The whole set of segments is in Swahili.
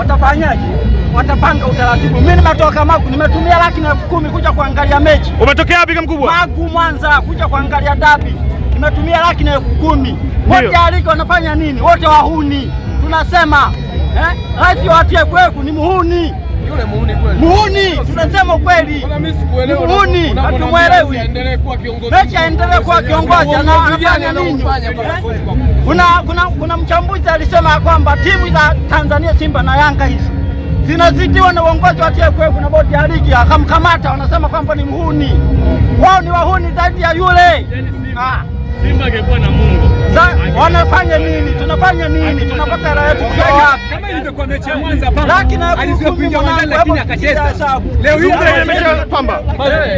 watafanyaje? Watapanga utaratibu. Mimi nimetoka Magu, nimetumia laki na elfu kumi kuja kuangalia mechi. Umetokea wapi mkubwa? Magu Mwanza, kuja kuangalia dabi, nimetumia laki na elfu kumi. Wote aliko wanafanya nini? Wote wahuni, tunasema eh? Rais wa TFF ni muhuni, yule muhuni muhuni. tunasema kweli, muhuni, hatumwelewi. Mechi aendelee kuwa kiongozi, anafanya nini? Eh? Kuna mchambuzi alisema kwamba timu za Tanzania Simba na Yanga hizi zinazidiwa na uongozi wa TFF na bodi ya ligi, akamkamata wanasema kwamba ni muhuni. Wao ni wahuni zaidi ya yule yaani ah. Simba angekuwa na Mungu. Wanafanya nini? Tunafanya nini? Tunapata raha yetu kwa wapi? Kama ilivyokuwa mechi ya Mwanza Pamba. Lakini hapo alizopiga Mwanza lakini akacheza. Leo hii ndio mechi ya Pamba.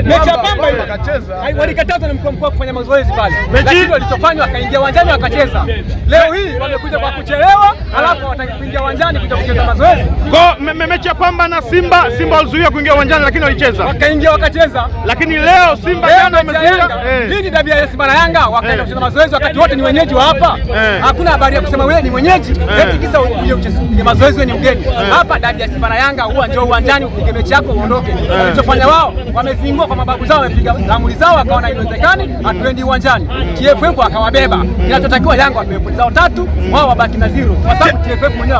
Mechi ya Pamba ile akacheza. Walikatazwa na mkuu mkuu kufanya mazoezi pale. Lakini walichofanya wakaingia uwanjani wakacheza. Leo hii wamekuja kwa kuchelewa, alafu wata kuingia uwanjani kuja kucheza mazoezi. Kwa me, mechi ya Pamba na Simba, Simba walizuia kuingia uwanjani lakini walicheza. Wakaingia wakacheza. Lakini leo Simba jana wamezuia. Nini dabi ya Simba na Yanga wakaenda kucheza mazoezi wakati wote ni wenyeji wa hapa. Hakuna habari ya kusema wewe ni mwenyeji, eti kisa uje ucheze mazoezi wewe ni mgeni. Hapa dabi ya Simba na Yanga huwa njoo uwanjani upige mechi yako uondoke. Walichofanya wao wamezingua kwa mababu zao wamepiga ramli zao wakaona haiwezekani hatuendi uwanjani. TFF akawabeba. Kinachotakiwa Yanga wapewe pointi zao tatu, wao wabaki na zero. Kwa sababu TFF mwenyewe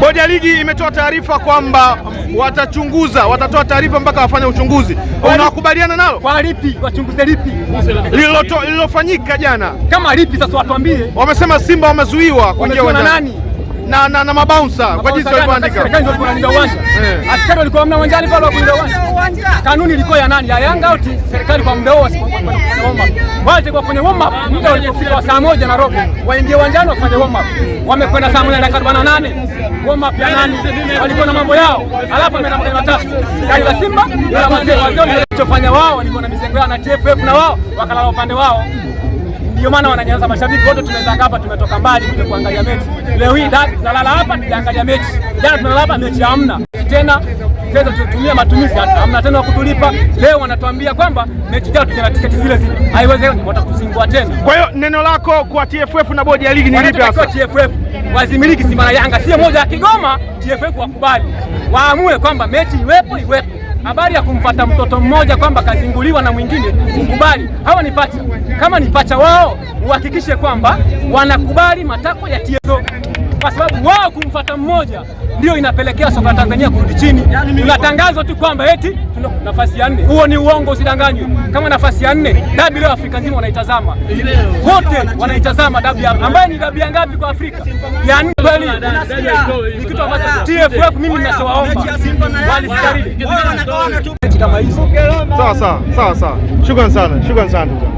Bodi ya ligi imetoa taarifa kwamba watachunguza, watatoa taarifa mpaka wafanye uchunguzi. Unakubaliana nalo? Kwa lipi? Wachunguze lipi? Lililofanyika jana. Kama lipi sasa watuambie. Wamesema Simba wamezuiwa kuingia uwanjani na na, na mabouncer kwa jinsi walivyoandika. Eh. Askari walikuwa hamna uwanjani pale, wakuingia uwanja. Kanuni ilikuwa ya nani? Ya Yanga au serikali? Kwa muda huo waje kwenye warm up, muda wa saa moja na robo waingie uwanjani wafanye warm up. Wamekwenda saa moja na dakika arobaini warm up ya nani? Walikuwa na mambo yao, alafu ameenda mgeni watatu Kali yaani la Simba la wazee wazee walichofanya wao, walikuwa na mizengo yao na TFF na wao wakalala upande wao. Ndio maana wananyanza mashabiki wote tumezanga hapa, tumetoka mbali kuja kuangalia mechi. Leo hii zalala hapa niliangalia mechi, jana tunalala hapa mechi hamna tena fedha tutumia matumizi hata hamna tena kutulipa. Leo wanatuambia kwamba mechi jao tuna tiketi zile zile, haiwezekani, watakuzingua tena. Kwa hiyo neno lako kwa TFF na bodi ya ligi ni lipi hasa? TFF wazimiliki Simba na Yanga sio moja ya Kigoma, TFF wakubali, waamue kwamba mechi iwepo iwepo Habari ya kumfata mtoto mmoja kwamba kazinguliwa na mwingine, kukubali Hawa ni pacha, kama ni pacha wao, uhakikishe kwamba wanakubali matakwa ya TSO kwa sababu wao kumfuata mmoja ndio inapelekea soka Tanzania kurudi chini. Tunatangazwa tu kwamba eti tuna nafasi ya nne. Huo ni uongo, usidanganywe. Kama nafasi ya nne, dabi leo Afrika nzima wanaitazama, wote wanaitazama dabi ambayo ni dabi ya ngapi kwa Afrika ya nne. Kweli ni kitu ambacho TFF, mimi ninachowaomba walistaili kama hizo. Sawa sawa sawa sawa, shukrani sana, shukrani sana.